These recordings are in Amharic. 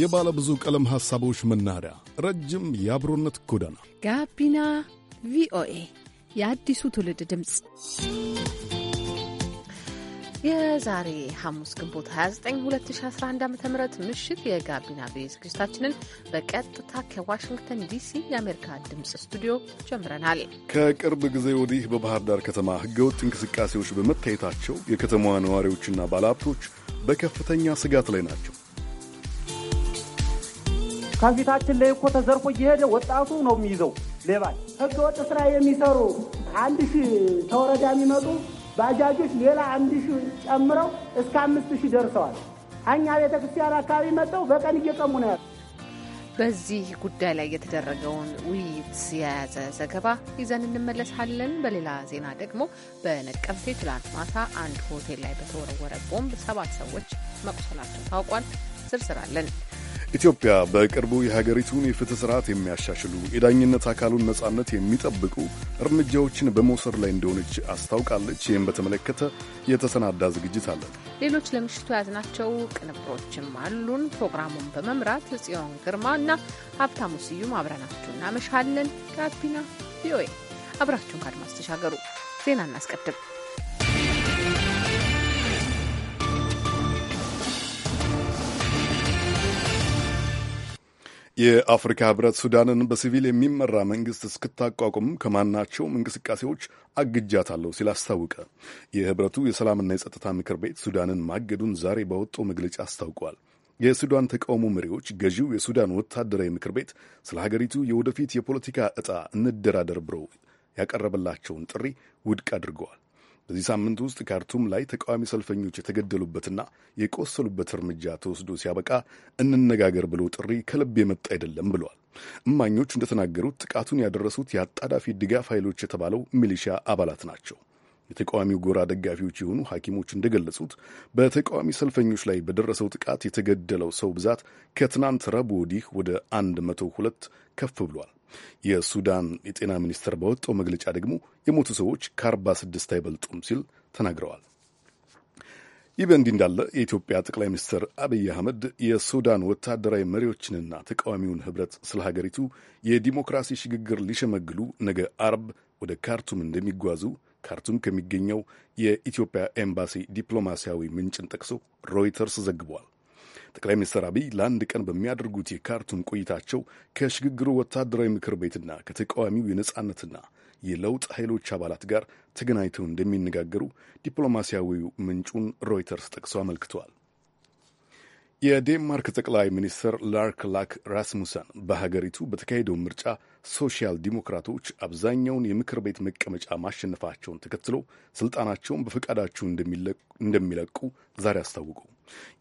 የባለ ብዙ ቀለም ሐሳቦች መናኸሪያ፣ ረጅም የአብሮነት ጎዳና ጋቢና ቪኦኤ የአዲሱ ትውልድ ድምፅ። የዛሬ ሐሙስ ግንቦት 29 2011 ዓ ም ምሽት የጋቢና ቪኦኤ ዝግጅታችንን በቀጥታ ከዋሽንግተን ዲሲ የአሜሪካ ድምፅ ስቱዲዮ ጀምረናል። ከቅርብ ጊዜ ወዲህ በባህር ዳር ከተማ ህገወጥ እንቅስቃሴዎች በመታየታቸው የከተማዋ ነዋሪዎችና ባለሀብቶች በከፍተኛ ስጋት ላይ ናቸው። ከፊታችን ላይ እኮ ተዘርፎ እየሄደ ወጣቱ ነው የሚይዘው ሌባል። ህገ ወጥ ስራ የሚሰሩ አንድ ሺህ ተወረዳ የሚመጡ ባጃጆች ሌላ አንድ ሺህ ጨምረው እስከ አምስት ሺህ ደርሰዋል። እኛ ቤተ ክርስቲያን አካባቢ መጠው በቀን እየቀሙ ነው ያሉ። በዚህ ጉዳይ ላይ የተደረገውን ውይይት የያዘ ዘገባ ይዘን እንመለሳለን። በሌላ ዜና ደግሞ በነቀምቴ ትላንት ማታ አንድ ሆቴል ላይ በተወረወረ ቦምብ ሰባት ሰዎች መቁሰላቸው ታውቋል። ዝርዝራለን ኢትዮጵያ በቅርቡ የሀገሪቱን የፍትህ ስርዓት የሚያሻሽሉ የዳኝነት አካሉን ነጻነት የሚጠብቁ እርምጃዎችን በመውሰድ ላይ እንደሆነች አስታውቃለች። ይህም በተመለከተ የተሰናዳ ዝግጅት አለ። ሌሎች ለምሽቱ ያዝናቸው ቅንብሮችም አሉን። ፕሮግራሙን በመምራት ጽዮን ግርማ እና ሀብታሙ ስዩም አብረናችሁ እናመሻለን። ጋቢና ቪኦኤ አብራችሁን ከአድማስ ተሻገሩ። ዜና እናስቀድም። የአፍሪካ ህብረት ሱዳንን በሲቪል የሚመራ መንግስት እስክታቋቁም ከማናቸውም እንቅስቃሴዎች አግጃታለሁ ሲል አስታወቀ። የህብረቱ የሰላምና የጸጥታ ምክር ቤት ሱዳንን ማገዱን ዛሬ ባወጣው መግለጫ አስታውቋል። የሱዳን ተቃውሞ መሪዎች ገዢው የሱዳን ወታደራዊ ምክር ቤት ስለ ሀገሪቱ የወደፊት የፖለቲካ ዕጣ እንደራደር ብሎ ያቀረበላቸውን ጥሪ ውድቅ አድርገዋል። በዚህ ሳምንት ውስጥ ካርቱም ላይ ተቃዋሚ ሰልፈኞች የተገደሉበትና የቆሰሉበት እርምጃ ተወስዶ ሲያበቃ እንነጋገር ብሎ ጥሪ ከልብ የመጣ አይደለም ብለዋል። እማኞች እንደተናገሩት ጥቃቱን ያደረሱት የአጣዳፊ ድጋፍ ኃይሎች የተባለው ሚሊሻ አባላት ናቸው። የተቃዋሚው ጎራ ደጋፊዎች የሆኑ ሐኪሞች እንደገለጹት በተቃዋሚ ሰልፈኞች ላይ በደረሰው ጥቃት የተገደለው ሰው ብዛት ከትናንት ረቡዕ ወዲህ ወደ አንድ መቶ ከፍ ብሏል። የሱዳን የጤና ሚኒስቴር ባወጣው መግለጫ ደግሞ የሞቱ ሰዎች ከ46 አይበልጡም ሲል ተናግረዋል። ይህ በእንዲህ እንዳለ የኢትዮጵያ ጠቅላይ ሚኒስትር አብይ አህመድ የሱዳን ወታደራዊ መሪዎችንና ተቃዋሚውን ህብረት ስለ ሀገሪቱ የዲሞክራሲ ሽግግር ሊሸመግሉ ነገ አርብ ወደ ካርቱም እንደሚጓዙ ካርቱም ከሚገኘው የኢትዮጵያ ኤምባሲ ዲፕሎማሲያዊ ምንጭን ጠቅሶ ሮይተርስ ዘግቧል። ጠቅላይ ሚኒስትር አብይ ለአንድ ቀን በሚያደርጉት የካርቱም ቆይታቸው ከሽግግሩ ወታደራዊ ምክር ቤትና ከተቃዋሚው የነጻነትና የለውጥ ኃይሎች አባላት ጋር ተገናኝተው እንደሚነጋገሩ ዲፕሎማሲያዊው ምንጩን ሮይተርስ ጠቅሰው አመልክተዋል። የዴንማርክ ጠቅላይ ሚኒስትር ላርክ ላክ ራስሙሰን በሀገሪቱ በተካሄደው ምርጫ ሶሻል ዲሞክራቶች አብዛኛውን የምክር ቤት መቀመጫ ማሸነፋቸውን ተከትሎ ስልጣናቸውን በፈቃዳቸው እንደሚለቁ ዛሬ አስታውቁ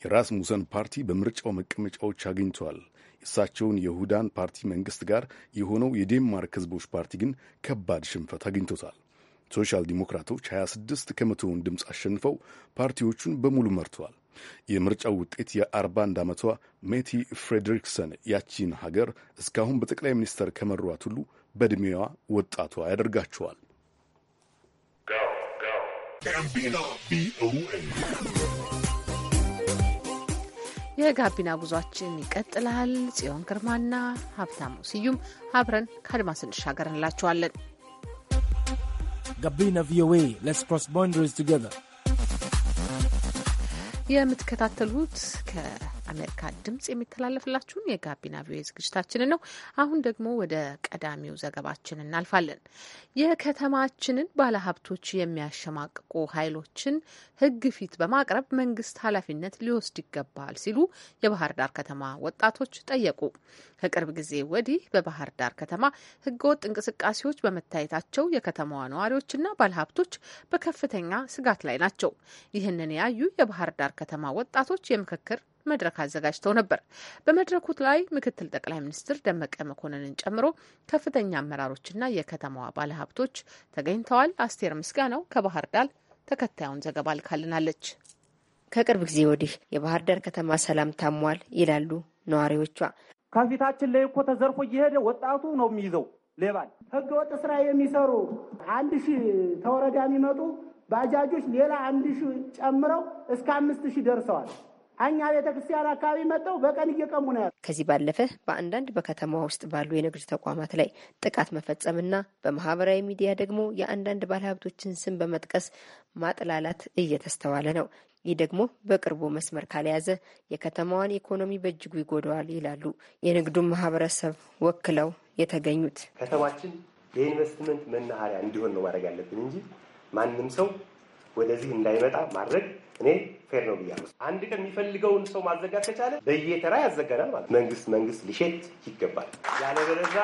የራስሙሰን ፓርቲ በምርጫው መቀመጫዎች አግኝተዋል እሳቸውን የሁዳን ፓርቲ መንግስት ጋር የሆነው የዴንማርክ ህዝቦች ፓርቲ ግን ከባድ ሽንፈት አግኝቶታል። ሶሻል ዲሞክራቶች 26 ከመቶውን ድምፅ አሸንፈው ፓርቲዎቹን በሙሉ መርተዋል። የምርጫው ውጤት የ41 ዓመቷ ሜቲ ፍሬድሪክሰን ያቺን ሀገር እስካሁን በጠቅላይ ሚኒስተር ከመሯት ሁሉ በዕድሜዋ ወጣቷ ያደርጋቸዋል። የጋቢና ጉዟችን ይቀጥላል። ጽዮን ግርማና ሀብታሙ ስዩም አብረን ከአድማስ እንሻገር እንላችኋለን። ጋቢና ቪኦኤ ሌትስ ክሮስ ቱጌዘር የምትከታተሉት ከአሜሪካ ድምጽ የሚተላለፍላችሁን የጋቢና ቪኦኤ ዝግጅታችንን ነው። አሁን ደግሞ ወደ ቀዳሚው ዘገባችን እናልፋለን። የከተማችንን ባለሀብቶች የሚያሸማቅቁ ኃይሎችን ሕግ ፊት በማቅረብ መንግስት ኃላፊነት ሊወስድ ይገባል ሲሉ የባህር ዳር ከተማ ወጣቶች ጠየቁ። ከቅርብ ጊዜ ወዲህ በባህር ዳር ከተማ ሕገወጥ እንቅስቃሴዎች በመታየታቸው የከተማዋ ነዋሪዎችና ባለሀብቶች በከፍተኛ ስጋት ላይ ናቸው። ይህንን ያዩ የባህር ዳር ከተማ ወጣቶች የምክክር መድረክ አዘጋጅተው ነበር። በመድረኩ ላይ ምክትል ጠቅላይ ሚኒስትር ደመቀ መኮንንን ጨምሮ ከፍተኛ አመራሮችና የከተማዋ ባለሀብቶች ተገኝተዋል። አስቴር ምስጋናው ከባህር ዳር ተከታዩን ዘገባ ልካልናለች። ከቅርብ ጊዜ ወዲህ የባህር ዳር ከተማ ሰላም ታሟል ይላሉ ነዋሪዎቿ። ከፊታችን ላይ እኮ ተዘርፎ እየሄደ ወጣቱ ነው የሚይዘው ሌባል። ህገ ወጥ ስራ የሚሰሩ አንድ ሺህ ተወረዳ የሚመጡ ባጃጆች ሌላ አንድ ሺህ ጨምረው እስከ አምስት ሺህ ደርሰዋል። እኛ ቤተ ክርስቲያን አካባቢ መጥተው በቀን እየቀሙ ነው ያሉ። ከዚህ ባለፈ በአንዳንድ በከተማ ውስጥ ባሉ የንግድ ተቋማት ላይ ጥቃት መፈጸምና በማህበራዊ ሚዲያ ደግሞ የአንዳንድ ባለሀብቶችን ስም በመጥቀስ ማጥላላት እየተስተዋለ ነው። ይህ ደግሞ በቅርቡ መስመር ካልያዘ የከተማዋን ኢኮኖሚ በእጅጉ ይጎዳዋል ይላሉ የንግዱን ማህበረሰብ ወክለው የተገኙት። ከተማችን የኢንቨስትመንት መናኸሪያ እንዲሆን ነው ማድረግ ያለብን እንጂ ማንም ሰው ወደዚህ እንዳይመጣ ማድረግ እኔ ፌር ነው ብያለሁ። አንድ ቀን የሚፈልገውን ሰው ማዘጋት ከቻለ በየተራ ያዘጋናል ማለት መንግስት መንግስት ሊሸት ይገባል። ያለበለዛ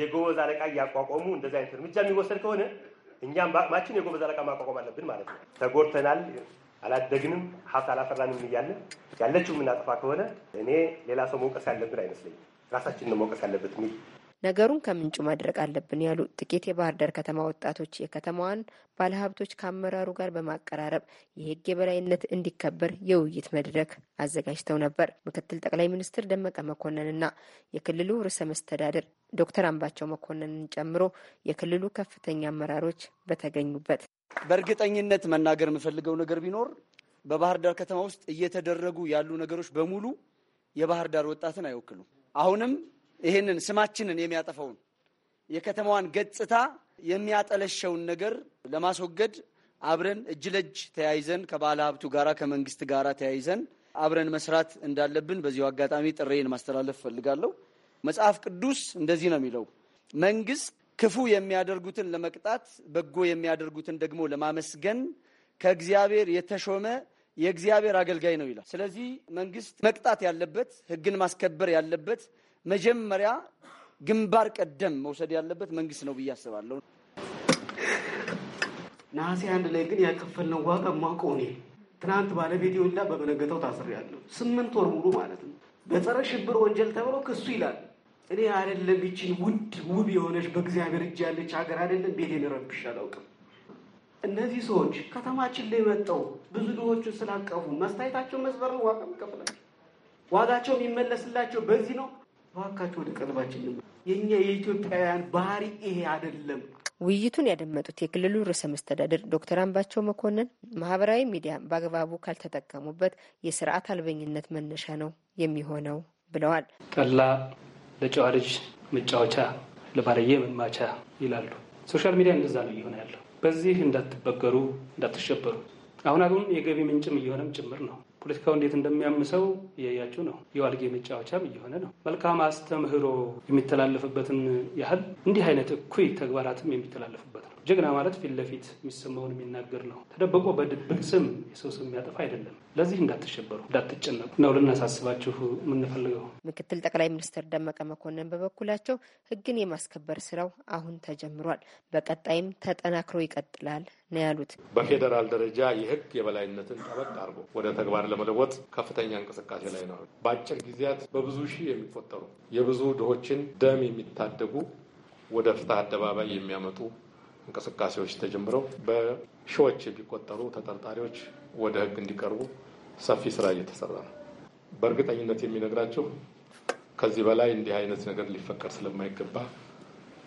የጎበዝ አለቃ እያቋቋሙ እንደዚህ አይነት እርምጃ የሚወሰድ ከሆነ እኛም በአቅማችን የጎበዝ አለቃ ማቋቋም አለብን ማለት ነው። ተጎድተናል፣ አላደግንም፣ ሀብት አላፈራንም እያለ ያለችው የምናጠፋ ከሆነ እኔ ሌላ ሰው መውቀስ ያለብን አይመስለኝም። ራሳችንን መውቀስ ያለበት የሚል ነገሩን ከምንጩ ማድረግ አለብን ያሉ ጥቂት የባህር ዳር ከተማ ወጣቶች የከተማዋን ባለሀብቶች ከአመራሩ ጋር በማቀራረብ የህግ የበላይነት እንዲከበር የውይይት መድረክ አዘጋጅተው ነበር። ምክትል ጠቅላይ ሚኒስትር ደመቀ መኮንንና የክልሉ ርዕሰ መስተዳድር ዶክተር አምባቸው መኮንንን ጨምሮ የክልሉ ከፍተኛ አመራሮች በተገኙበት በእርግጠኝነት መናገር የምፈልገው ነገር ቢኖር በባህር ዳር ከተማ ውስጥ እየተደረጉ ያሉ ነገሮች በሙሉ የባህር ዳር ወጣትን አይወክሉም። አሁንም ይህንን ስማችንን የሚያጠፋውን የከተማዋን ገጽታ የሚያጠለሸውን ነገር ለማስወገድ አብረን እጅ ለእጅ ተያይዘን ከባለ ሀብቱ ጋራ ከመንግስት ጋራ ተያይዘን አብረን መስራት እንዳለብን በዚሁ አጋጣሚ ጥሬን ማስተላለፍ እፈልጋለሁ። መጽሐፍ ቅዱስ እንደዚህ ነው የሚለው፣ መንግስት ክፉ የሚያደርጉትን ለመቅጣት በጎ የሚያደርጉትን ደግሞ ለማመስገን ከእግዚአብሔር የተሾመ የእግዚአብሔር አገልጋይ ነው ይላል። ስለዚህ መንግስት መቅጣት ያለበት ህግን ማስከበር ያለበት መጀመሪያ ግንባር ቀደም መውሰድ ያለበት መንግስት ነው ብዬ አስባለሁ። ነሐሴ አንድ ላይ ግን ያከፈልነው ዋጋ ማቆኔ ትናንት ባለቤት የወላ በመነገተው ያለው ስምንት ወር ሙሉ ማለት ነው። በጸረ ሽብር ወንጀል ተብሎ ክሱ ይላል። እኔ አይደለም ይችን ውድ ውብ የሆነች በእግዚአብሔር እጅ ያለች ሀገር አይደለም ቤቴን ረብሼ አላውቅም። እነዚህ ሰዎች ከተማችን ላይ መጠው ብዙ ድሆቹን ስላቀፉ መስታየታቸው መስበር ነው ዋጋ ይከፍላቸው። ዋጋቸው የሚመለስላቸው በዚህ ነው። እባካችሁ ወደ ቀልባችን የእኛ የኢትዮጵያውያን ባህሪ ይሄ አይደለም። ውይይቱን ያደመጡት የክልሉ ርዕሰ መስተዳድር ዶክተር አምባቸው መኮንን ማህበራዊ ሚዲያ በአግባቡ ካልተጠቀሙበት የስርዓት አልበኝነት መነሻ ነው የሚሆነው ብለዋል። ጠላ ለጨዋ ልጅ መጫወቻ፣ ለባለየ መማቻ ይላሉ። ሶሻል ሚዲያ እንደዛ ነው እየሆነ ያለው። በዚህ እንዳትበገሩ፣ እንዳትሸበሩ አሁን አሁን የገቢ ምንጭም እየሆነም ጭምር ነው። ፖለቲካው እንዴት እንደሚያምሰው እያያችሁ ነው። የዋልጌ መጫወቻም እየሆነ ነው። መልካም አስተምህሮ የሚተላለፍበትን ያህል እንዲህ አይነት እኩይ ተግባራትም የሚተላለፍበት ነው። ጀግና ማለት ፊት ለፊት የሚሰማውን የሚናገር ነው። ተደብቆ በድብቅ ስም የሰው ስም የሚያጠፋ አይደለም። ለዚህ እንዳትሸበሩ፣ እንዳትጨነቁ ነው ልናሳስባችሁ የምንፈልገው። ምክትል ጠቅላይ ሚኒስትር ደመቀ መኮንን በበኩላቸው ህግን የማስከበር ስራው አሁን ተጀምሯል፣ በቀጣይም ተጠናክሮ ይቀጥላል ነው ያሉት። በፌዴራል ደረጃ የህግ የበላይነትን ጠበቅ አድርጎ ወደ ተግባር ለመለወጥ ከፍተኛ እንቅስቃሴ ላይ ነው። በአጭር ጊዜያት በብዙ ሺህ የሚቆጠሩ የብዙ ድሆችን ደም የሚታደጉ ወደ ፍትህ አደባባይ የሚያመጡ እንቅስቃሴዎች ተጀምረው በሺዎች የሚቆጠሩ ተጠርጣሪዎች ወደ ህግ እንዲቀርቡ ሰፊ ስራ እየተሰራ ነው። በእርግጠኝነት የሚነግራቸው ከዚህ በላይ እንዲህ አይነት ነገር ሊፈቀድ ስለማይገባ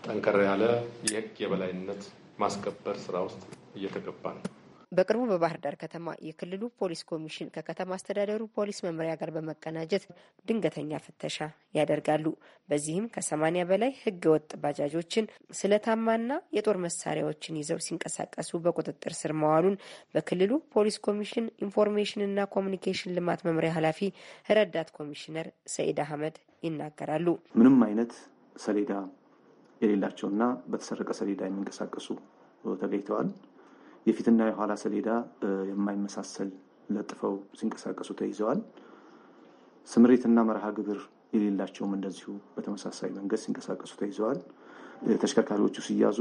ጠንከር ያለ የህግ የበላይነት ማስከበር ስራ ውስጥ እየተገባ ነው። በቅርቡ በባህር ዳር ከተማ የክልሉ ፖሊስ ኮሚሽን ከከተማ አስተዳደሩ ፖሊስ መምሪያ ጋር በመቀናጀት ድንገተኛ ፍተሻ ያደርጋሉ። በዚህም ከሰማኒያ በላይ ህገ ወጥ ባጃጆችን ስለታማና የጦር መሳሪያዎችን ይዘው ሲንቀሳቀሱ በቁጥጥር ስር መዋሉን በክልሉ ፖሊስ ኮሚሽን ኢንፎርሜሽንና ኮሚኒኬሽን ልማት መምሪያ ኃላፊ ረዳት ኮሚሽነር ሰኢድ አህመድ ይናገራሉ። ምንም አይነት ሰሌዳ የሌላቸውና በተሰረቀ ሰሌዳ የሚንቀሳቀሱ ተገኝተዋል። የፊትና የኋላ ሰሌዳ የማይመሳሰል ለጥፈው ሲንቀሳቀሱ ተይዘዋል። ስምሪትና መርሃ ግብር የሌላቸውም እንደዚሁ በተመሳሳይ መንገድ ሲንቀሳቀሱ ተይዘዋል። ተሽከርካሪዎቹ ሲያዙ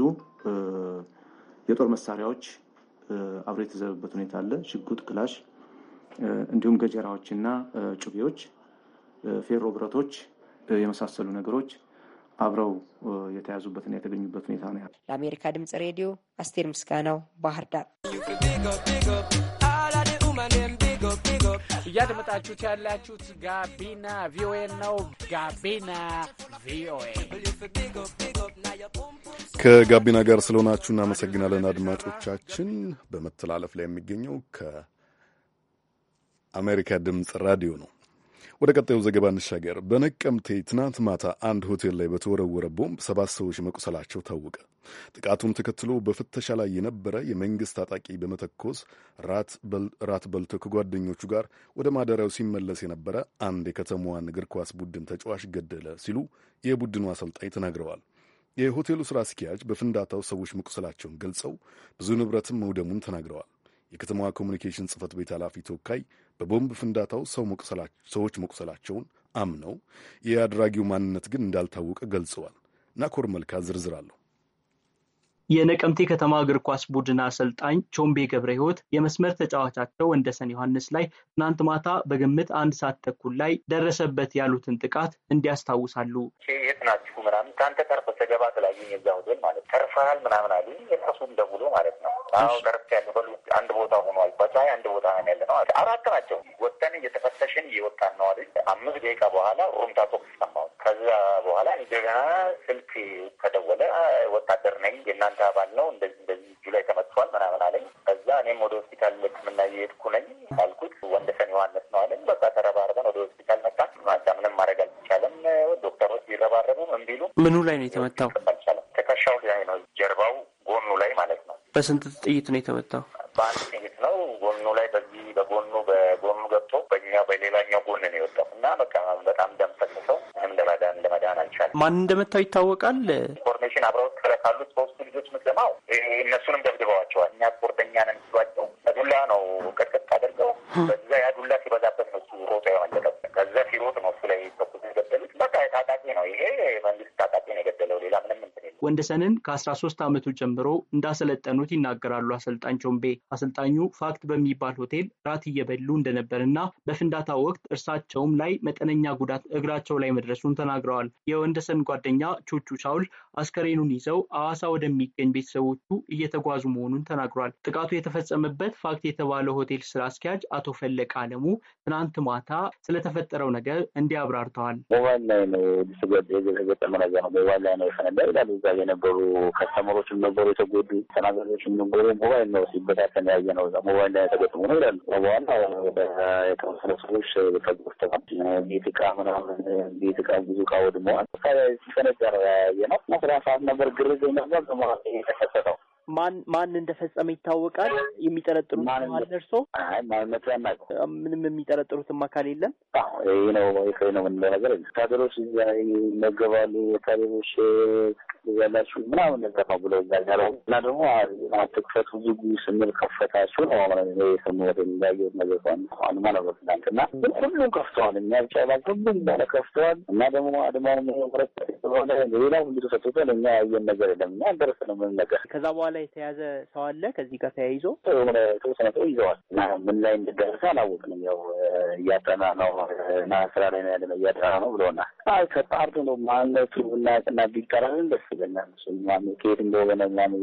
የጦር መሳሪያዎች አብሮ የተዘበበት ሁኔታ አለ። ሽጉጥ፣ ክላሽ እንዲሁም ገጀራዎችና ጩቤዎች፣ ፌሮ ብረቶች የመሳሰሉ ነገሮች አብረው የተያዙበትና የተገኙበት ሁኔታ ነው። ለአሜሪካ ድምጽ ሬዲዮ አስቴር ምስጋናው ባህር ዳር። እያደመጣችሁት ያላችሁት ጋቢና ቪኦኤ ነው። ጋቢና ቪኦኤ ከጋቢና ጋር ስለሆናችሁ እናመሰግናለን አድማጮቻችን። በመተላለፍ ላይ የሚገኘው ከአሜሪካ ድምፅ ራዲዮ ነው። ወደ ቀጣዩ ዘገባ እንሻገር። በነቀምቴ ትናንት ማታ አንድ ሆቴል ላይ በተወረወረ ቦምብ ሰባት ሰዎች መቁሰላቸው ታወቀ። ጥቃቱን ተከትሎ በፍተሻ ላይ የነበረ የመንግሥት ታጣቂ በመተኮስ ራት በልቶ ከጓደኞቹ ጋር ወደ ማደሪያው ሲመለስ የነበረ አንድ የከተማዋን እግር ኳስ ቡድን ተጫዋች ገደለ ሲሉ የቡድኑ አሰልጣኝ ተናግረዋል። የሆቴሉ ሥራ አስኪያጅ በፍንዳታው ሰዎች መቁሰላቸውን ገልጸው ብዙ ንብረትም መውደሙን ተናግረዋል። የከተማዋ ኮሚኒኬሽን ጽህፈት ቤት ኃላፊ ተወካይ በቦምብ ፍንዳታው ሰዎች መቁሰላቸውን አምነው የአድራጊው ማንነት ግን እንዳልታወቀ ገልጸዋል። ናኮር መልካ ዝርዝር አለሁ የነቀምቴ ከተማ እግር ኳስ ቡድን አሰልጣኝ ቾምቤ ገብረ ህይወት የመስመር ተጫዋቻቸው ወንደሰን ዮሐንስ ላይ ትናንት ማታ በግምት አንድ ሰዓት ተኩል ላይ ደረሰበት ያሉትን ጥቃት እንዲያስታውሳሉ። የት ናችሁ ምናምን ከአንተ ተርፈ ተገባ ተላየኝ የዛ ሆቴል ማለት ተርፈሃል ምናምን አሉ። የራሱን ደውሎ ማለት ነው። አሁ ተርፍ ያሉ በሉ አንድ ቦታ ሆኗል። በፀሐይ አንድ ቦታ ነው ያለ ነው። አራት ናቸው። ወጥተን እየተፈተሽን እየወጣን ነው አሉ። አምስት ደቂቃ በኋላ ሩምታ ቶክስ ሰማሁ። ከዛ በኋላ እንደገና ስልክ ከደወለ ወታደር ነኝ የእናንተ ባንክ አባል ነው እንደዚህ እንደዚህ እጁ ላይ ተመቷል ምናምን አለኝ። ከዛ እኔም ወደ ሆስፒታል ሕክምና እየሄድኩ ነኝ አልኩት። ወንደሰን ዮሐንስ ነው አለኝ። በቃ ተረባርበን ወደ ሆስፒታል መጣ። ምንም ማድረግ አልቻለም። ዶክተሮች ቢረባረቡም እምቢሉ ምኑ ላይ ነው የተመታው? አልቻለም። ትከሻው ላይ ነው፣ ጀርባው ጎኑ ላይ ማለት ነው። በስንት ጥይት ነው የተመታው? በአንድ ጥይት ነው ጎኑ ላይ በዚህ በጎኑ በጎኑ ገብቶ በኛ በሌላኛው ጎን ነው የወጣው እና በቃ በጣም ደም ፈሰሰው። ምንም ለመዳን ለመዳን አልቻለም። ማን እንደመታው ይታወቃል? ፌርጉሰንን ከ13 ዓመቱ ጀምሮ እንዳሰለጠኑት ይናገራሉ አሰልጣኝ ቾምቤ። አሰልጣኙ ፋክት በሚባል ሆቴል ራት እየበሉ እንደነበርና በፍንዳታ ወቅት እርሳቸውም ላይ መጠነኛ ጉዳት እግራቸው ላይ መድረሱን ተናግረዋል። የወንደሰን ጓደኛ ቹቹ ቻውል አስከሬኑን ይዘው አዋሳ ወደሚገኝ ቤተሰቦቹ እየተጓዙ መሆኑን ተናግሯል። ጥቃቱ የተፈጸመበት ፋክት የተባለው ሆቴል ስራ አስኪያጅ አቶ ፈለቀ አለሙ ትናንት ማታ ስለተፈጠረው ነገር እንዲያብራርተዋል ሞባይል ላይ ነው የተገጠመ ነገር ነው። ሞባይል ላይ ነው የፈነዳ ይላል እዛ ነበሩ፣ ከስተመሮችም ነበሩ የተጎዱ፣ ተናጋሪዎችም ነበሩ። ሞባይል ነው ሲበታተን ያየ ነው። ሞባይል ላይ ተገጥሞ ነው ይላሉ። በኋላ የተወሰነ ሰዎች ተጎድተዋል። ቤት ዕቃ ምናምን ቤት እቃ ብዙ እቃ ወድመዋል። ሲፈነዳ ነው ያየ ነው። ስራ ሰዓት ነበር ግርግር ነበር የተከሰተው ማን ማን እንደፈጸመ ይታወቃል። የሚጠረጥሩት ማል ደርሶ ምንም የሚጠረጥሩት አካል የለም። ይህ ነው ይሄ ነው ምንለው ነገር ወታደሮች እዛ ይመገባሉ። ወታደሮች ያላችሁ ምናምን ነገር ነው ብለው እዛ ያለው እና ደግሞ አትክፈቱ ዝጉ ስንል ከፈታችሁ ነው ስሙ ወደ ሚዛየት ነገር አድማ ነው ትናንትና እና ሁሉም ከፍተዋል። እኛ ሁሉም ባለ ከፍተዋል። እና ደግሞ አድማው ሌላው ሁሉ ተሰጥቶታል። እኛ ያየን ነገር የለም። እኛ ደርስ ነው ምን ነገር ከዛ በኋላ ላይ የተያዘ ሰው አለ። ከዚህ ጋር ተያይዞ ተወሰነ ሰው ይዘዋል እና ምን ላይ እንደደረሰ አላወቅንም። ያው እያጠና ነው እና ስራ ላይ ያለ እያጠና ነው ብለውናል። ከጣርዱ ነው ማነቱ ብናቅና ቢቀራልን ደስ ይለናል። ከየት እንደሆነ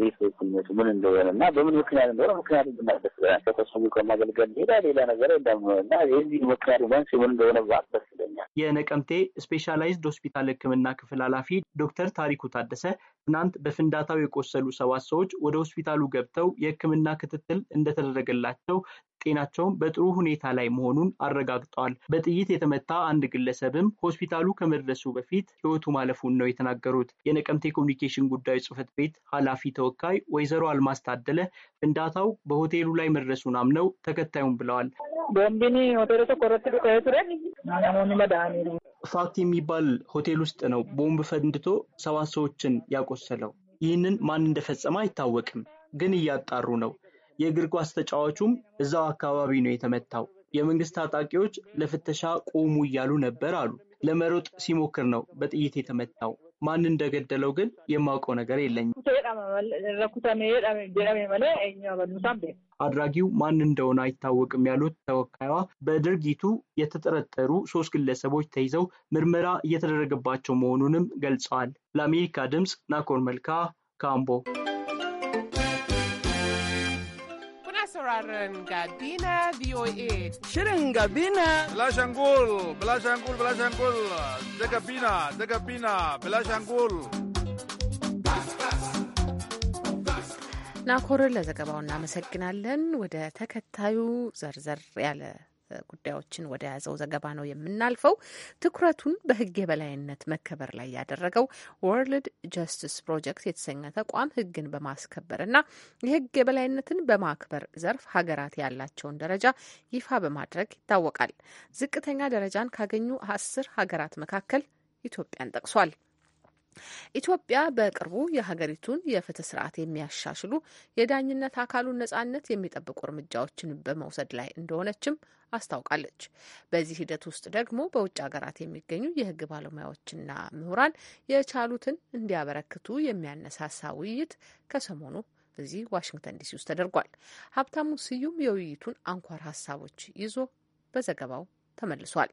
ቤት ስሜቱ ምን እንደሆነ እና በምን ምክንያት እንደሆነ ምክንያቱ ብና ደስ ይለናል። ከተሰሙ ከማገልገል ሌላ ሌላ ነገር የለም እና የዚህ ምክንያቱ መንስኤ ምን እንደሆነ ባት ደስ ይለኛል። የነቀምቴ ስፔሻላይዝድ ሆስፒታል ሕክምና ክፍል ኃላፊ ዶክተር ታሪኩ ታደሰ ትናንት በፍንዳታው የቆሰሉ ሰባት ሰዎች ወደ ሆስፒታሉ ገብተው የሕክምና ክትትል እንደተደረገላቸው ጤናቸውን በጥሩ ሁኔታ ላይ መሆኑን አረጋግጠዋል። በጥይት የተመታ አንድ ግለሰብም ሆስፒታሉ ከመድረሱ በፊት ህይወቱ ማለፉን ነው የተናገሩት። የነቀምቴ ኮሚኒኬሽን ጉዳዮች ጽህፈት ቤት ኃላፊ ተወካይ ወይዘሮ አልማስ ታደለ ፍንዳታው በሆቴሉ ላይ መድረሱን አምነው ተከታዩም ብለዋል። ፋክት የሚባል ሆቴል ውስጥ ነው ቦምብ ፈንድቶ ሰባት ሰዎችን ያቆሰለው። ይህንን ማን እንደፈጸመ አይታወቅም፣ ግን እያጣሩ ነው። የእግር ኳስ ተጫዋቹም እዛው አካባቢ ነው የተመታው። የመንግስት ታጣቂዎች ለፍተሻ ቆሙ እያሉ ነበር አሉ። ለመሮጥ ሲሞክር ነው በጥይት የተመታው። ማን እንደገደለው ግን የማውቀው ነገር የለኝም። አድራጊው ማን እንደሆነ አይታወቅም ያሉት ተወካይዋ በድርጊቱ የተጠረጠሩ ሶስት ግለሰቦች ተይዘው ምርመራ እየተደረገባቸው መሆኑንም ገልጸዋል። ለአሜሪካ ድምፅ ናኮር መልካ ካምቦ sauraron Gabina VOA. Shirin Gabina. Bilashangul, Bilashangul, Bilashangul. Da Gabina, da Gabina, Bilashangul. ናኮርን ለዘገባው እናመሰግናለን። ወደ ተከታዩ ዘርዘር ያለ ጉዳዮችን ወደ ያዘው ዘገባ ነው የምናልፈው። ትኩረቱን በህግ የበላይነት መከበር ላይ ያደረገው ወርልድ ጀስቲስ ፕሮጀክት የተሰኘ ተቋም ህግን በማስከበር ና የህግ የበላይነትን በማክበር ዘርፍ ሀገራት ያላቸውን ደረጃ ይፋ በማድረግ ይታወቃል። ዝቅተኛ ደረጃን ካገኙ አስር ሀገራት መካከል ኢትዮጵያን ጠቅሷል። ኢትዮጵያ በቅርቡ የሀገሪቱን የፍትህ ስርዓት የሚያሻሽሉ የዳኝነት አካሉን ነጻነት የሚጠብቁ እርምጃዎችን በመውሰድ ላይ እንደሆነችም አስታውቃለች። በዚህ ሂደት ውስጥ ደግሞ በውጭ ሀገራት የሚገኙ የህግ ባለሙያዎችና ምሁራን የቻሉትን እንዲያበረክቱ የሚያነሳሳ ውይይት ከሰሞኑ እዚህ ዋሽንግተን ዲሲ ውስጥ ተደርጓል። ሀብታሙ ስዩም የውይይቱን አንኳር ሀሳቦች ይዞ በዘገባው ተመልሷል።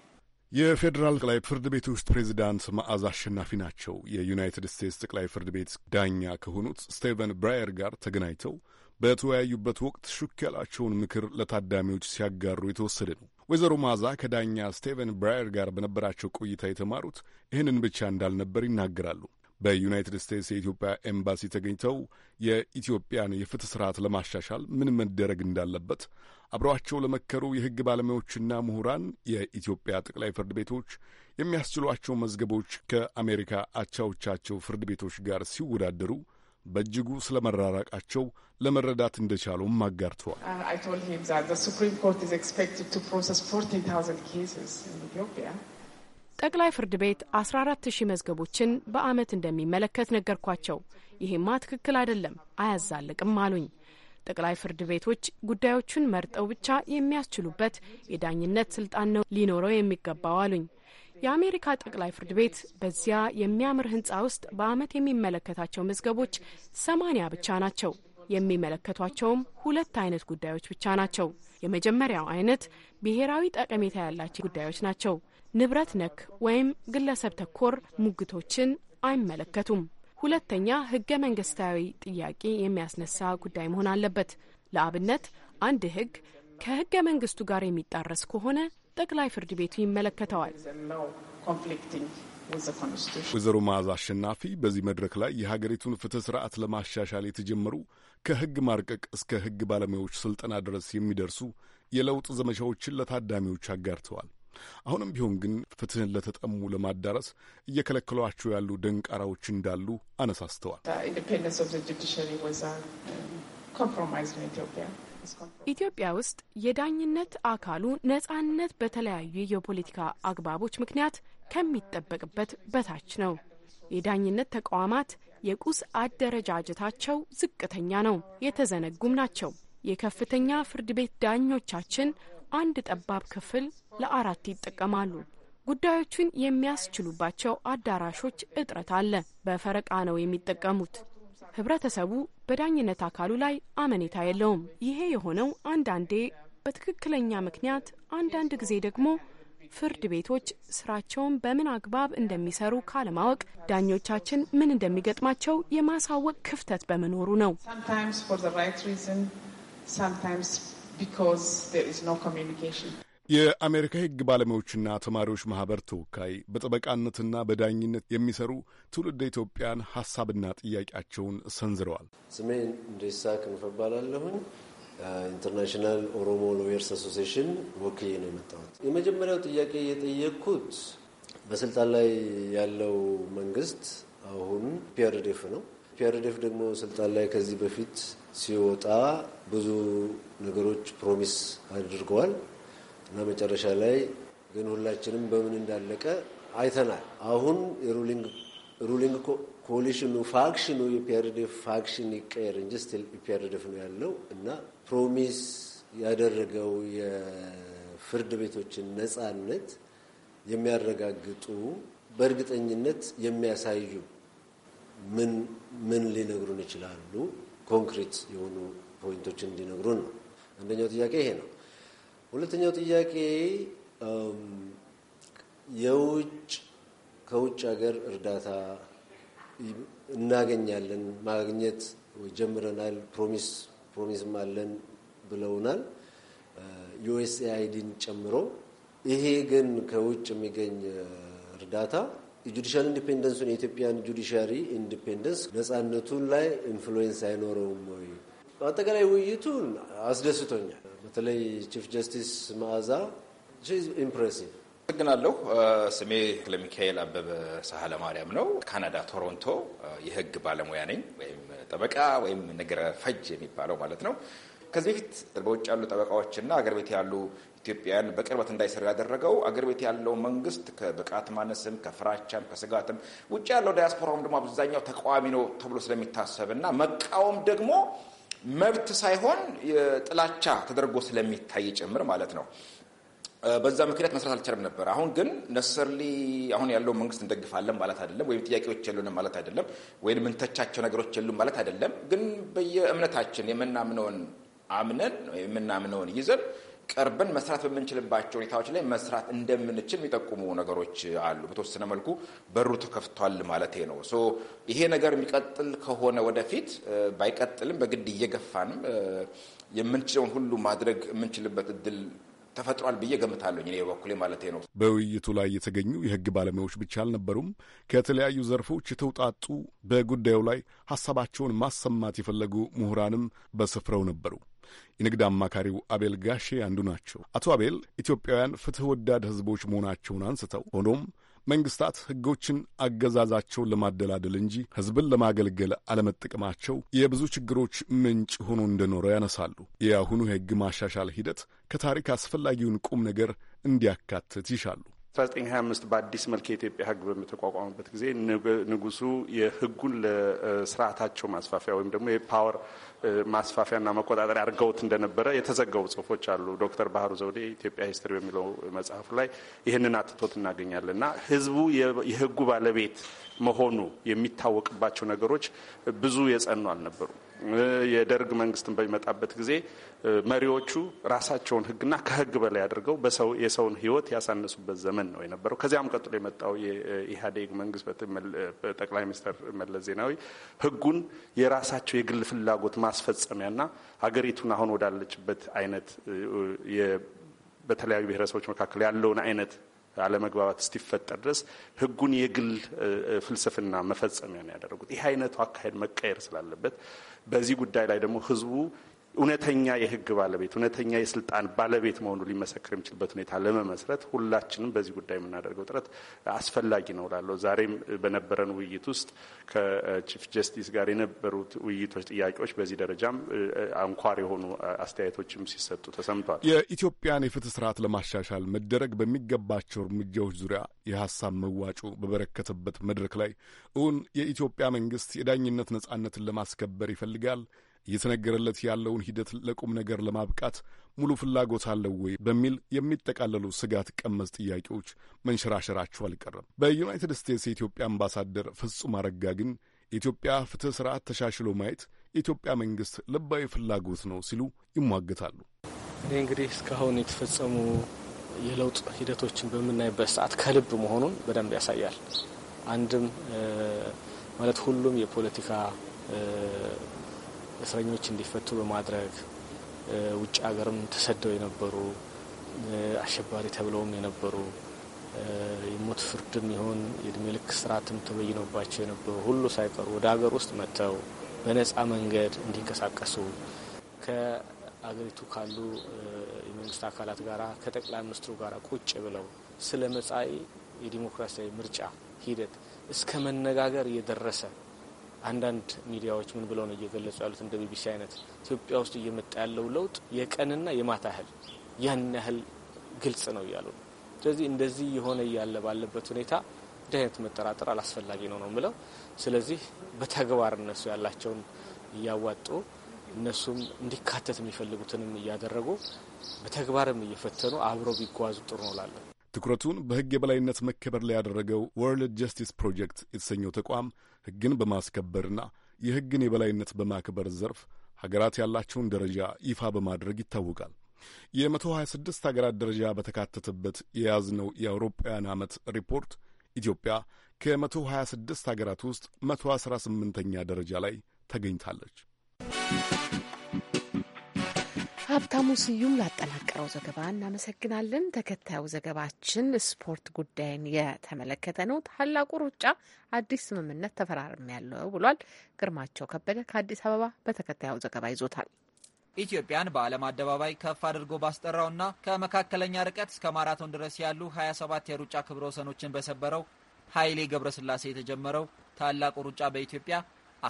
የፌዴራል ጠቅላይ ፍርድ ቤት ውስጥ ፕሬዚዳንት መዓዛ አሸናፊ ናቸው። የዩናይትድ ስቴትስ ጠቅላይ ፍርድ ቤት ዳኛ ከሆኑት ስቴቨን ብራየር ጋር ተገናኝተው በተወያዩበት ወቅት ሹክ ያላቸውን ምክር ለታዳሚዎች ሲያጋሩ የተወሰደ ነው። ወይዘሮ መዓዛ ከዳኛ ስቴቨን ብራየር ጋር በነበራቸው ቆይታ የተማሩት ይህንን ብቻ እንዳልነበር ይናገራሉ። በዩናይትድ ስቴትስ የኢትዮጵያ ኤምባሲ ተገኝተው የኢትዮጵያን የፍትህ ስርዓት ለማሻሻል ምን መደረግ እንዳለበት አብረዋቸው ለመከሩ የሕግ ባለሙያዎችና ምሁራን የኢትዮጵያ ጠቅላይ ፍርድ ቤቶች የሚያስችሏቸው መዝገቦች ከአሜሪካ አቻዎቻቸው ፍርድ ቤቶች ጋር ሲወዳደሩ በእጅጉ ስለ መራራቃቸው ለመረዳት እንደቻለውም አጋርተዋል። uh, ጠቅላይ ፍርድ ቤት 14000 መዝገቦችን በአመት እንደሚመለከት ነገርኳቸው። ይሄማ ትክክል አይደለም፣ አያዛልቅም አሉኝ። ጠቅላይ ፍርድ ቤቶች ጉዳዮቹን መርጠው ብቻ የሚያስችሉበት የዳኝነት ስልጣን ነው ሊኖረው የሚገባው አሉኝ። የአሜሪካ ጠቅላይ ፍርድ ቤት በዚያ የሚያምር ህንፃ ውስጥ በአመት የሚመለከታቸው መዝገቦች ሰማንያ ብቻ ናቸው። የሚመለከቷቸውም ሁለት አይነት ጉዳዮች ብቻ ናቸው። የመጀመሪያው አይነት ብሔራዊ ጠቀሜታ ያላቸው ጉዳዮች ናቸው። ንብረት ነክ ወይም ግለሰብ ተኮር ሙግቶችን አይመለከቱም። ሁለተኛ ህገ መንግስታዊ ጥያቄ የሚያስነሳ ጉዳይ መሆን አለበት። ለአብነት አንድ ህግ ከህገ መንግስቱ ጋር የሚጣረስ ከሆነ ጠቅላይ ፍርድ ቤቱ ይመለከተዋል። ወይዘሮ መዓዛ አሸናፊ በዚህ መድረክ ላይ የሀገሪቱን ፍትህ ስርዓት ለማሻሻል የተጀመሩ ከህግ ማርቀቅ እስከ ህግ ባለሙያዎች ስልጠና ድረስ የሚደርሱ የለውጥ ዘመቻዎችን ለታዳሚዎች አጋርተዋል። አሁንም ቢሆን ግን ፍትህን ለተጠሙ ለማዳረስ እየከለከሏቸው ያሉ ደንቃራዎች እንዳሉ አነሳስተዋል። uh, ኢትዮጵያ ውስጥ የዳኝነት አካሉ ነጻነት በተለያዩ የፖለቲካ አግባቦች ምክንያት ከሚጠበቅበት በታች ነው። የዳኝነት ተቋማት የቁስ አደረጃጀታቸው ዝቅተኛ ነው፣ የተዘነጉም ናቸው። የከፍተኛ ፍርድ ቤት ዳኞቻችን አንድ ጠባብ ክፍል ለአራት ይጠቀማሉ። ጉዳዮቹን የሚያስችሉባቸው አዳራሾች እጥረት አለ። በፈረቃ ነው የሚጠቀሙት። ህብረተሰቡ በዳኝነት አካሉ ላይ አመኔታ የለውም። ይሄ የሆነው አንዳንዴ በትክክለኛ ምክንያት፣ አንዳንድ ጊዜ ደግሞ ፍርድ ቤቶች ስራቸውን በምን አግባብ እንደሚሰሩ ካለማወቅ፣ ዳኞቻችን ምን እንደሚገጥማቸው የማሳወቅ ክፍተት በመኖሩ ነው። የአሜሪካ የሕግ ባለሙያዎችና ተማሪዎች ማህበር ተወካይ በጠበቃነትና በዳኝነት የሚሰሩ ትውልድ ኢትዮጵያን ሀሳብና ጥያቄያቸውን ሰንዝረዋል። ስሜ እንዴሳ ክንፈ እባላለሁኝ። ኢንተርናሽናል ኦሮሞ ሎየርስ አሶሲሽን ወክዬ ነው የመጣሁት። የመጀመሪያው ጥያቄ የጠየቅኩት በስልጣን ላይ ያለው መንግስት አሁን ፒአርዴፍ ነው። ፒአርዴፍ ደግሞ ስልጣን ላይ ከዚህ በፊት ሲወጣ ብዙ ነገሮች ፕሮሚስ አድርገዋል እና መጨረሻ ላይ ግን ሁላችንም በምን እንዳለቀ አይተናል። አሁን ሩሊንግ ኮሊሽኑ ፋክሽኑ የፒርዴፍ ፋክሽን ይቀየር እንጂ ስቲል ፒርዴፍ ነው ያለው እና ፕሮሚስ ያደረገው የፍርድ ቤቶችን ነጻነት የሚያረጋግጡ በእርግጠኝነት የሚያሳዩ ምን ምን ሊነግሩን ይችላሉ? ኮንክሪት የሆኑ ፖይንቶችን እንዲነግሩን ነው። አንደኛው ጥያቄ ይሄ ነው። ሁለተኛው ጥያቄ የውጭ ከውጭ ሀገር እርዳታ እናገኛለን ማግኘት ጀምረናል፣ ፕሮሚስ ፕሮሚስም አለን ብለውናል ዩኤስኤአይዲን ጨምሮ። ይሄ ግን ከውጭ የሚገኝ እርዳታ የጁዲሻል ኢንዲፔንደንሱን የኢትዮጵያን ጁዲሻሪ ኢንዲፔንደንስ ነፃነቱን ላይ ኢንፍሉዌንስ አይኖረውም ወይ? በአጠቃላይ ውይይቱን አስደስቶኛል። በተለይ ቺፍ ጀስቲስ መዓዛ ኢምፕሬሲቭ። አመሰግናለሁ። ስሜ ለሚካኤል አበበ ሳህለ ማርያም ነው። ካናዳ ቶሮንቶ የህግ ባለሙያ ነኝ፣ ወይም ጠበቃ ወይም ንግረ ፈጅ የሚባለው ማለት ነው። ከዚህ በፊት በውጭ ያሉ ጠበቃዎችና አገር ቤት ያሉ ኢትዮጵያውያን በቅርበት እንዳይሰሩ ያደረገው አገር ቤት ያለው መንግስት ከብቃት ማነስም ከፍራቻም ከስጋትም ውጭ ያለው ዳያስፖራውም ደግሞ አብዛኛው ተቃዋሚ ነው ተብሎ ስለሚታሰብ እና መቃወም ደግሞ መብት ሳይሆን ጥላቻ ተደርጎ ስለሚታይ ጭምር ማለት ነው። በዛ ምክንያት መስራት አልቻልም ነበር። አሁን ግን ነሰርሊ አሁን ያለው መንግስት እንደግፋለን ማለት አይደለም፣ ወይም ጥያቄዎች የሉንም ማለት አይደለም፣ ወይም የምንተቻቸው ነገሮች የሉም ማለት አይደለም። ግን በየእምነታችን የምናምነውን አምነን የምናምነውን ይዘን ቀርበን መስራት በምንችልባቸው ሁኔታዎች ላይ መስራት እንደምንችል የሚጠቁሙ ነገሮች አሉ። በተወሰነ መልኩ በሩ ተከፍቷል ማለት ነው። ሶ ይሄ ነገር የሚቀጥል ከሆነ ወደፊት ባይቀጥልም በግድ እየገፋንም የምንችለውን ሁሉ ማድረግ የምንችልበት እድል ተፈጥሯል ብዬ ገምታለሁ። እኔ በኩሌ ማለት ነው። በውይይቱ ላይ የተገኙ የህግ ባለሙያዎች ብቻ አልነበሩም። ከተለያዩ ዘርፎች የተውጣጡ በጉዳዩ ላይ ሀሳባቸውን ማሰማት የፈለጉ ምሁራንም በስፍራው ነበሩ። የንግድ አማካሪው አቤል ጋሼ አንዱ ናቸው። አቶ አቤል ኢትዮጵያውያን ፍትህ ወዳድ ህዝቦች መሆናቸውን አንስተው ሆኖም መንግስታት ህጎችን አገዛዛቸውን ለማደላደል እንጂ ህዝብን ለማገልገል አለመጠቀማቸው የብዙ ችግሮች ምንጭ ሆኖ እንደኖረ ያነሳሉ። የአሁኑ የህግ ማሻሻል ሂደት ከታሪክ አስፈላጊውን ቁም ነገር እንዲያካትት ይሻሉ። 1925 በአዲስ መልክ የኢትዮጵያ ህግ በምተቋቋምበት ጊዜ ንጉሱ የህጉን ለስርዓታቸው ማስፋፊያ ወይም ደግሞ የፓወር ማስፋፊያና መቆጣጠሪያ አድርገውት እንደነበረ የተዘገቡ ጽሁፎች አሉ። ዶክተር ባህሩ ዘውዴ ኢትዮጵያ ሂስትሪ በሚለው መጽሐፉ ላይ ይህንን አትቶት እናገኛለን እና ህዝቡ የህጉ ባለቤት መሆኑ የሚታወቅባቸው ነገሮች ብዙ የጸኑ አልነበሩም። የደርግ መንግስትን በሚመጣበት ጊዜ መሪዎቹ ራሳቸውን ህግና ከህግ በላይ አድርገው በሰው የሰውን ህይወት ያሳነሱበት ዘመን ነው የነበረው። ከዚያም ቀጥሎ የመጣው የኢህአዴግ መንግስት ጠቅላይ ሚኒስትር መለስ ዜናዊ ህጉን የራሳቸው የግል ፍላጎት ማስፈጸሚያና ሀገሪቱን አሁን ወዳለችበት አይነት በተለያዩ ብሔረሰቦች መካከል ያለውን አይነት አለመግባባት እስኪፈጠር ድረስ ህጉን የግል ፍልስፍና መፈጸሚያ ነው ያደረጉት። ይህ አይነቱ አካሄድ መቀየር ስላለበት በዚህ ጉዳይ ላይ ደግሞ ህዝቡ እውነተኛ የህግ ባለቤት እውነተኛ የስልጣን ባለቤት መሆኑ ሊመሰክር የሚችልበት ሁኔታ ለመመስረት ሁላችንም በዚህ ጉዳይ የምናደርገው ጥረት አስፈላጊ ነው ላለው ዛሬም በነበረን ውይይት ውስጥ ከቺፍ ጀስቲስ ጋር የነበሩት ውይይቶች፣ ጥያቄዎች በዚህ ደረጃም አንኳር የሆኑ አስተያየቶችም ሲሰጡ ተሰምቷል። የኢትዮጵያን የፍትህ ስርዓት ለማሻሻል መደረግ በሚገባቸው እርምጃዎች ዙሪያ የሀሳብ መዋጩ በበረከተበት መድረክ ላይ እውን የኢትዮጵያ መንግስት የዳኝነት ነጻነትን ለማስከበር ይፈልጋል እየተነገረለት ያለውን ሂደት ለቁም ነገር ለማብቃት ሙሉ ፍላጎት አለው ወይ በሚል የሚጠቃለሉ ስጋት ቀመስ ጥያቄዎች መንሸራሸራቸው አልቀረም። በዩናይትድ ስቴትስ የኢትዮጵያ አምባሳደር ፍጹም አረጋ ግን የኢትዮጵያ ፍትህ ስርዓት ተሻሽሎ ማየት የኢትዮጵያ መንግስት ልባዊ ፍላጎት ነው ሲሉ ይሟገታሉ። እኔ እንግዲህ እስካሁን የተፈጸሙ የለውጥ ሂደቶችን በምናይበት ሰዓት ከልብ መሆኑን በደንብ ያሳያል። አንድም ማለት ሁሉም የፖለቲካ እስረኞች እንዲፈቱ በማድረግ ውጭ ሀገርም ተሰደው የነበሩ አሸባሪ ተብለውም የነበሩ የሞት ፍርድም ይሁን የእድሜ ልክ ስርዓትም ተበይኖባቸው የነበሩ ሁሉ ሳይቀሩ ወደ ሀገር ውስጥ መጥተው በነፃ መንገድ እንዲንቀሳቀሱ ከአገሪቱ ካሉ የመንግስት አካላት ጋር ከጠቅላይ ሚኒስትሩ ጋር ቁጭ ብለው ስለ መጻኢ የዲሞክራሲያዊ ምርጫ ሂደት እስከ መነጋገር እየደረሰ አንዳንድ ሚዲያዎች ምን ብለው ነው እየገለጹ ያሉት? እንደ ቢቢሲ አይነት ኢትዮጵያ ውስጥ እየመጣ ያለው ለውጥ የቀንና የማታ ያህል ያን ያህል ግልጽ ነው እያሉ ነው። ስለዚህ እንደዚህ የሆነ እያለ ባለበት ሁኔታ እንዲህ አይነት መጠራጠር አላስፈላጊ ነው ነው ምለው። ስለዚህ በተግባር እነሱ ያላቸውን እያዋጡ እነሱም እንዲካተት የሚፈልጉትንም እያደረጉ በተግባርም እየፈተኑ አብረው ቢጓዙ ጥሩ ነው ላለን ትኩረቱን በሕግ የበላይነት መከበር ላይ ያደረገው ወርልድ ጀስቲስ ፕሮጀክት የተሰኘው ተቋም ሕግን በማስከበርና የሕግን የበላይነት በማክበር ዘርፍ ሀገራት ያላቸውን ደረጃ ይፋ በማድረግ ይታወቃል። የመቶ ሀያ ስድስት ሀገራት ደረጃ በተካተተበት የያዝነው የአውሮፓውያን ዓመት ሪፖርት ኢትዮጵያ ከመቶ ሀያ ስድስት ሀገራት ውስጥ መቶ 18ኛ ደረጃ ላይ ተገኝታለች። ሀብታሙ ስዩም ላጠናቀረው ዘገባ እናመሰግናለን። ተከታዩ ዘገባችን ስፖርት ጉዳይን የተመለከተ ነው። ታላቁ ሩጫ አዲስ ስምምነት ተፈራርም ያለው ብሏል። ግርማቸው ከበደ ከአዲስ አበባ በተከታዩ ዘገባ ይዞታል። ኢትዮጵያን በዓለም አደባባይ ከፍ አድርጎ ባስጠራውና ከመካከለኛ ርቀት እስከ ማራቶን ድረስ ያሉ 27 የሩጫ ክብረ ወሰኖችን በሰበረው ኃይሌ ገብረስላሴ የተጀመረው ታላቁ ሩጫ በኢትዮጵያ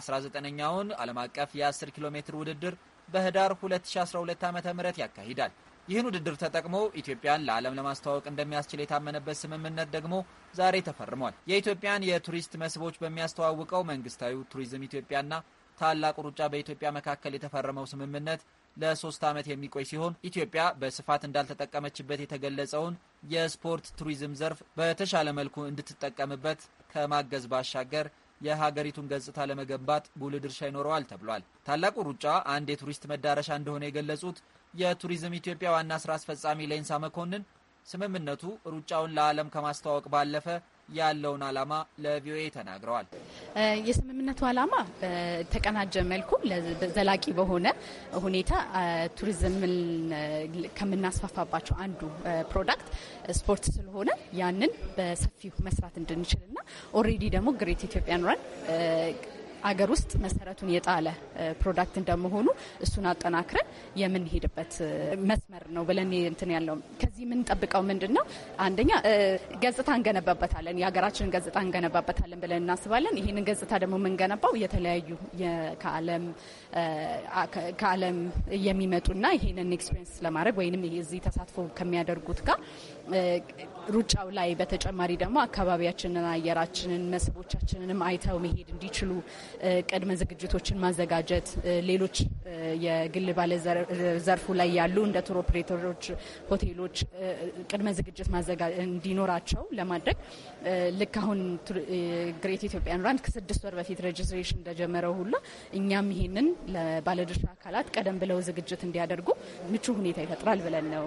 19ኛውን ዓለም አቀፍ የ10 ኪሎ ሜትር ውድድር በህዳር 2012 ዓ ም ያካሂዳል። ይህን ውድድር ተጠቅሞ ኢትዮጵያን ለዓለም ለማስተዋወቅ እንደሚያስችል የታመነበት ስምምነት ደግሞ ዛሬ ተፈርሟል። የኢትዮጵያን የቱሪስት መስህቦች በሚያስተዋውቀው መንግስታዊ ቱሪዝም ኢትዮጵያና ታላቁ ሩጫ በኢትዮጵያ መካከል የተፈረመው ስምምነት ለሶስት ዓመት የሚቆይ ሲሆን ኢትዮጵያ በስፋት እንዳልተጠቀመችበት የተገለጸውን የስፖርት ቱሪዝም ዘርፍ በተሻለ መልኩ እንድትጠቀምበት ከማገዝ ባሻገር የሀገሪቱን ገጽታ ለመገንባት ጉልህ ድርሻ ይኖረዋል ተብሏል። ታላቁ ሩጫ አንድ የቱሪስት መዳረሻ እንደሆነ የገለጹት የቱሪዝም ኢትዮጵያ ዋና ስራ አስፈጻሚ ሌንሳ መኮንን ስምምነቱ ሩጫውን ለዓለም ከማስተዋወቅ ባለፈ ያለውን ዓላማ ለቪኦኤ ተናግረዋል። የስምምነቱ ዓላማ በተቀናጀ መልኩ ዘላቂ በሆነ ሁኔታ ቱሪዝምን ከምናስፋፋባቸው አንዱ ፕሮዳክት ስፖርት ስለሆነ ያንን በሰፊው መስራት እንድንችልና ኦልሬዲ ደግሞ ግሬት ኢትዮጵያን ራን አገር ውስጥ መሰረቱን የጣለ ፕሮዳክት እንደመሆኑ እሱን አጠናክረን የምንሄድበት መስመር ነው ብለን እንትን ያለው ከዚህ የምንጠብቀው ምንድን ነው? አንደኛ ገጽታ እንገነባበታለን፣ የሀገራችንን ገጽታ እንገነባበታለን ብለን እናስባለን። ይህንን ገጽታ ደግሞ የምንገነባው የተለያዩ ከዓለም የሚመጡና ይህንን ኤክስፔሪንስ ለማድረግ ወይም እዚህ ተሳትፎ ከሚያደርጉት ጋር ሩጫው ላይ በተጨማሪ ደግሞ አካባቢያችንን፣ አየራችንን፣ መስህቦቻችንንም አይተው መሄድ እንዲችሉ ቅድመ ዝግጅቶችን ማዘጋጀት፣ ሌሎች የግል ባለ ዘርፉ ላይ ያሉ እንደ ቱር ኦፕሬተሮች፣ ሆቴሎች ቅድመ ዝግጅት እንዲኖራቸው ለማድረግ ልክ አሁን ግሬት ኢትዮጵያን ራን ከስድስት ወር በፊት ሬጅስትሬሽን እንደጀመረው ሁሉ እኛም ይሄንን ለባለድርሻ አካላት ቀደም ብለው ዝግጅት እንዲያደርጉ ምቹ ሁኔታ ይፈጥራል ብለን ነው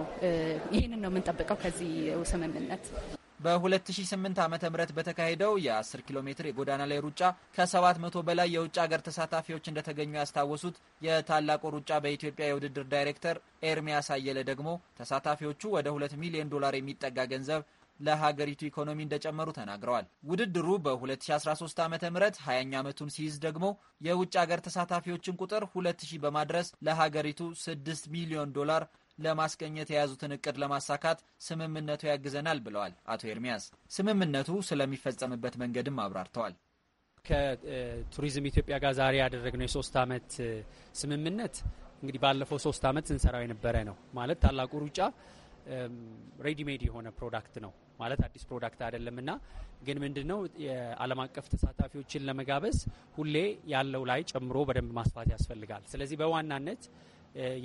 ይህንን ነው የምንጠብቀው ከዚህ ስምምነት በዋናነት በ2008 ዓ ም በተካሄደው የ10 ኪሎ ሜትር የጎዳና ላይ ሩጫ ከ700 በላይ የውጭ ሀገር ተሳታፊዎች እንደተገኙ ያስታወሱት የታላቁ ሩጫ በኢትዮጵያ የውድድር ዳይሬክተር ኤርሚያስ አየለ ደግሞ ተሳታፊዎቹ ወደ 2 ሚሊዮን ዶላር የሚጠጋ ገንዘብ ለሀገሪቱ ኢኮኖሚ እንደጨመሩ ተናግረዋል። ውድድሩ በ2013 ዓ ም 20ኛ ዓመቱን ሲይዝ ደግሞ የውጭ ሀገር ተሳታፊዎችን ቁጥር 2000 በማድረስ ለሀገሪቱ 6 ሚሊዮን ዶላር ለማስገኘት የያዙትን እቅድ ለማሳካት ስምምነቱ ያግዘናል ብለዋል አቶ ኤርሚያስ። ስምምነቱ ስለሚፈጸምበት መንገድም አብራርተዋል። ከቱሪዝም ኢትዮጵያ ጋር ዛሬ ያደረግነው የሶስት ዓመት ስምምነት እንግዲህ ባለፈው ሶስት ዓመት ስንሰራው የነበረ ነው ማለት ታላቁ ሩጫ ሬዲሜድ የሆነ ፕሮዳክት ነው ማለት አዲስ ፕሮዳክት አይደለም እና ግን ምንድን ነው የዓለም አቀፍ ተሳታፊዎችን ለመጋበዝ ሁሌ ያለው ላይ ጨምሮ በደንብ ማስፋት ያስፈልጋል። ስለዚህ በዋናነት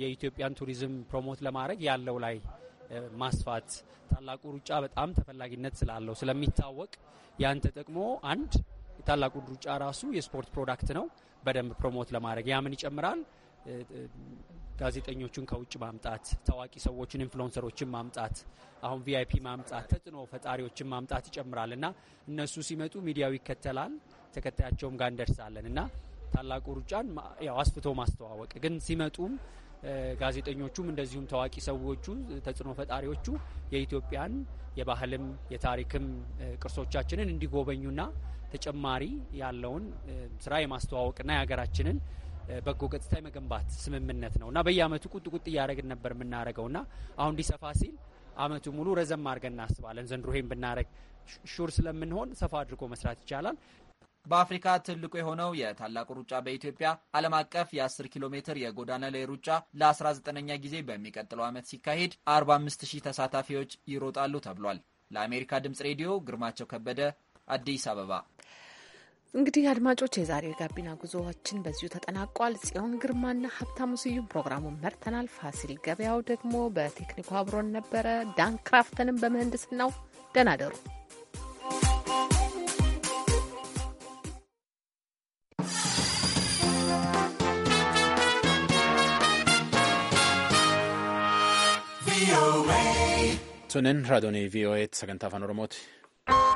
የኢትዮጵያን ቱሪዝም ፕሮሞት ለማድረግ ያለው ላይ ማስፋት ታላቁ ሩጫ በጣም ተፈላጊነት ስላለው ስለሚታወቅ ያንተ ተጠቅሞ አንድ ታላቁ ሩጫ ራሱ የስፖርት ፕሮዳክት ነው። በደንብ ፕሮሞት ለማድረግ ያምን ይጨምራል። ጋዜጠኞቹን ከውጭ ማምጣት፣ ታዋቂ ሰዎችን ኢንፍሉዌንሰሮችን ማምጣት፣ አሁን ቪአይፒ ማምጣት፣ ተጽዕኖ ፈጣሪዎችን ማምጣት ይጨምራል እና እነሱ ሲመጡ ሚዲያው ይከተላል፣ ተከታያቸውም ጋር እንደርሳለን እና ታላቁ ሩጫን ያው አስፍቶ ማስተዋወቅ ግን ሲመጡም ጋዜጠኞቹም እንደዚሁም ታዋቂ ሰዎቹ፣ ተጽዕኖ ፈጣሪዎቹ የኢትዮጵያን የባህልም የታሪክም ቅርሶቻችንን እንዲጎበኙና ተጨማሪ ያለውን ስራ የማስተዋወቅና የሀገራችንን በጎ ገጽታ የመገንባት ስምምነት ነው እና በየአመቱ ቁጥ ቁጥ እያደረግን ነበር የምናደርገው እና አሁን ሊሰፋ ሲል አመቱ ሙሉ ረዘም አድርገን እናስባለን። ዘንድሮ ይሄን ብናደረግ ሹር ስለምንሆን ሰፋ አድርጎ መስራት ይቻላል። በአፍሪካ ትልቁ የሆነው የታላቁ ሩጫ በኢትዮጵያ ዓለም አቀፍ የ10 ኪሎ ሜትር የጎዳና ላይ ሩጫ ለ19ኛ ጊዜ በሚቀጥለው ዓመት ሲካሄድ 450 ተሳታፊዎች ይሮጣሉ ተብሏል። ለአሜሪካ ድምፅ ሬዲዮ ግርማቸው ከበደ አዲስ አበባ። እንግዲህ አድማጮች የዛሬ የጋቢና ጉዞዎችን በዚሁ ተጠናቋል። ጽዮን ግርማና ሀብታሙ ስዩም ፕሮግራሙን መርተናል። ፋሲል ገበያው ደግሞ በቴክኒኩ አብሮን ነበረ። ዳንክራፍተንም በመህንድስናው በምህንድስናው ደህና ደሩ። Sunneen raadiyoolee VOA sagantaa afaan Oromooti.